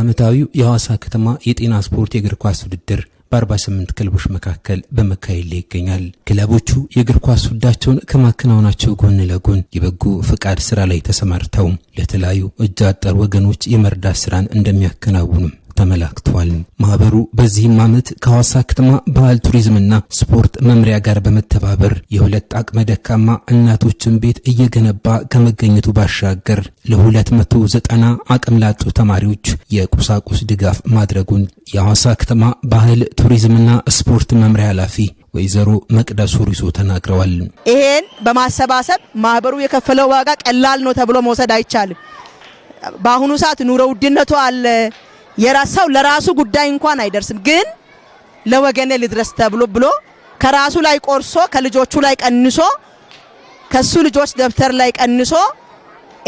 ዓመታዊው የሐዋሳ ከተማ የጤና ስፖርት የእግር ኳስ ውድድር በ48 ክለቦች መካከል በመካሄድ ላይ ይገኛል። ክለቦቹ የእግር ኳስ ውዳቸውን ከማከናወናቸው ጎን ለጎን የበጎ ፈቃድ ስራ ላይ ተሰማርተው ለተለያዩ እጅ አጠር ወገኖች የመርዳት ስራን እንደሚያከናውኑም ተመላክቷል። ማህበሩ በዚህም ዓመት ከሐዋሳ ከተማ ባህል ቱሪዝምና ስፖርት መምሪያ ጋር በመተባበር የሁለት አቅመ ደካማ እናቶችን ቤት እየገነባ ከመገኘቱ ባሻገር ለ290 አቅም ላጡ ተማሪዎች የቁሳቁስ ድጋፍ ማድረጉን የሐዋሳ ከተማ ባህል ቱሪዝምና ስፖርት መምሪያ ኃላፊ ወይዘሮ መቅደሱ ሪሶ ተናግረዋል። ይሄን በማሰባሰብ ማህበሩ የከፈለው ዋጋ ቀላል ነው ተብሎ መውሰድ አይቻልም። በአሁኑ ሰዓት ኑሮ ውድነቱ አለ የራሳው ለራሱ ጉዳይ እንኳን አይደርስም፣ ግን ለወገኔ ልድረስ ተብሎ ብሎ ከራሱ ላይ ቆርሶ ከልጆቹ ላይ ቀንሶ ከሱ ልጆች ደብተር ላይ ቀንሶ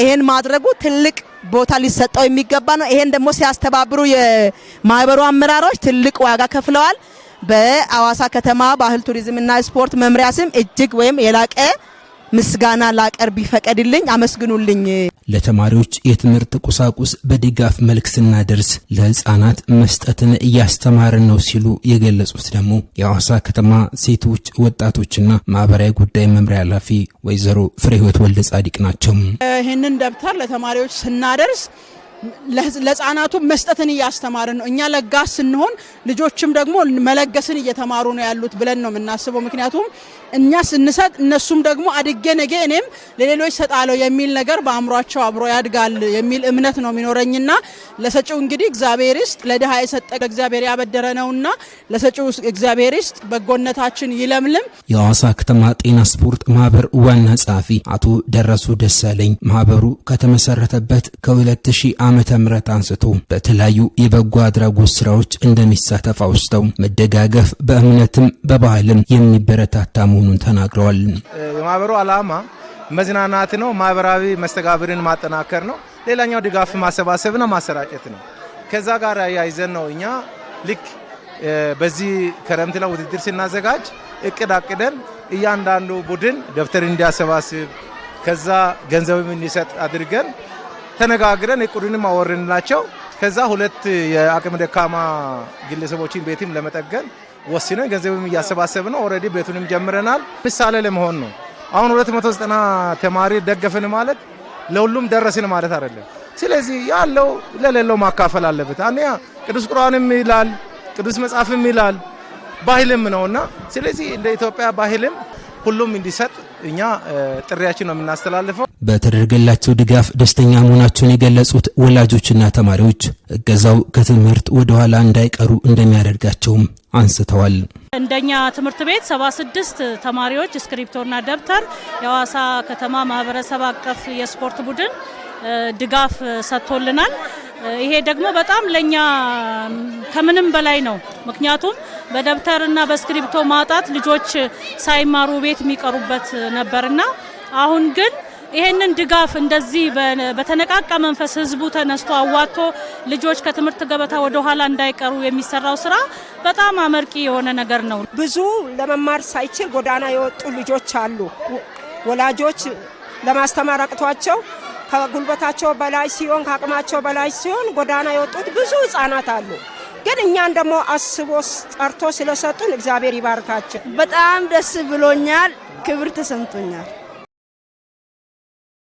ይሄን ማድረጉ ትልቅ ቦታ ሊሰጠው የሚገባ ነው። ይሄን ደግሞ ሲያስተባብሩ የማህበሩ አመራሮች ትልቅ ዋጋ ከፍለዋል። በአዋሳ ከተማ ባህል ቱሪዝምና ስፖርት መምሪያ ስም እጅግ ወይም የላቀ ምስጋና ላቀርብ ይፈቀድልኝ፣ አመስግኑልኝ። ለተማሪዎች የትምህርት ቁሳቁስ በድጋፍ መልክ ስናደርስ ለህፃናት መስጠትን እያስተማርን ነው ሲሉ የገለጹት ደግሞ የሐዋሳ ከተማ ሴቶች ወጣቶችና ማህበራዊ ጉዳይ መምሪያ ኃላፊ ወይዘሮ ፍሬህይወት ወልደ ጻዲቅ ናቸው። ይህንን ደብተር ለተማሪዎች ስናደርስ ለህፃናቱ መስጠትን እያስተማርን ነው። እኛ ለጋስ ስንሆን ልጆችም ደግሞ መለገስን እየተማሩ ነው ያሉት ብለን ነው የምናስበው። ምክንያቱም እኛ ስንሰጥ እነሱም ደግሞ አድጌ ነገ እኔም ለሌሎች ሰጣለው የሚል ነገር በአእምሯቸው አብሮ ያድጋል የሚል እምነት ነው የሚኖረኝና ለሰጪው እንግዲህ እግዚአብሔር ይስጥ። ለድሃ የሰጠ እግዚአብሔር ያበደረ ነውና ለሰጪው እግዚአብሔር ይስጥ፣ በጎነታችን ይለምልም። የሐዋሳ ከተማ ጤና ስፖርት ማህበር ዋና ጸሐፊ አቶ ደረሱ ደሳለኝ ማህበሩ ከተመሰረተበት ከ2000 ዓመተ ምህረት አንስቶ በተለያዩ የበጎ አድራጎት ስራዎች እንደሚሳተፍ አውስተው መደጋገፍ በእምነትም በባህልም የሚበረታታ መሆኑን ተናግረዋል። የማህበሩ ዓላማ መዝናናት ነው፣ ማህበራዊ መስተጋብርን ማጠናከር ነው። ሌላኛው ድጋፍ ማሰባሰብና ማሰራጨት ነው። ከዛ ጋር ያይዘን ነው እኛ ልክ በዚህ ክረምት ላይ ውድድር ስናዘጋጅ እቅድ አቅደን እያንዳንዱ ቡድን ደብተር እንዲያሰባስብ ከዛ ገንዘብም እንዲሰጥ አድርገን ተነጋግረን እቅዱንም አወርንላቸው። ከዛ ሁለት የአቅም ደካማ ግለሰቦችን ቤትም ለመጠገን ወስነን ገንዘብም እያሰባሰብ ነው። ኦልሬዲ ቤቱንም ጀምረናል። ምሳሌ ለመሆን ነው። አሁን 290 ተማሪ ደገፍን ማለት ለሁሉም ደረስን ማለት አይደለም። ስለዚህ ያለው ለሌለው ማካፈል አለበት። አንያ ቅዱስ ቁርአንም ይላል፣ ቅዱስ መጽሐፍም ይላል፣ ባህልም ነውና ስለዚህ እንደ ኢትዮጵያ ባህልም ሁሉም እንዲሰጥ እኛ ጥሪያችን ነው የምናስተላልፈው። በተደረገላቸው ድጋፍ ደስተኛ መሆናቸውን የገለጹት ወላጆችና ተማሪዎች እገዛው ከትምህርት ወደ ኋላ እንዳይቀሩ እንደሚያደርጋቸውም አንስተዋል። እንደኛ ትምህርት ቤት 76 ተማሪዎች እስክሪፕቶና ደብተር የሐዋሳ ከተማ ማህበረሰብ አቀፍ የስፖርት ቡድን ድጋፍ ሰጥቶልናል። ይሄ ደግሞ በጣም ለኛ ከምንም በላይ ነው። ምክንያቱም በደብተርና በእስክሪፕቶ ማጣት ልጆች ሳይማሩ ቤት የሚቀሩበት ነበርና አሁን ግን ይህንን ድጋፍ እንደዚህ በተነቃቃ መንፈስ ህዝቡ ተነስቶ አዋጥቶ ልጆች ከትምህርት ገበታ ወደ ኋላ እንዳይቀሩ የሚሰራው ስራ በጣም አመርቂ የሆነ ነገር ነው። ብዙ ለመማር ሳይችል ጎዳና የወጡ ልጆች አሉ። ወላጆች ለማስተማር አቅቷቸው ከጉልበታቸው በላይ ሲሆን፣ ከአቅማቸው በላይ ሲሆን ጎዳና የወጡት ብዙ ህጻናት አሉ። ግን እኛን ደግሞ አስቦ ጠርቶ ስለሰጡን እግዚአብሔር ይባርካቸው። በጣም ደስ ብሎኛል። ክብር ተሰምቶኛል።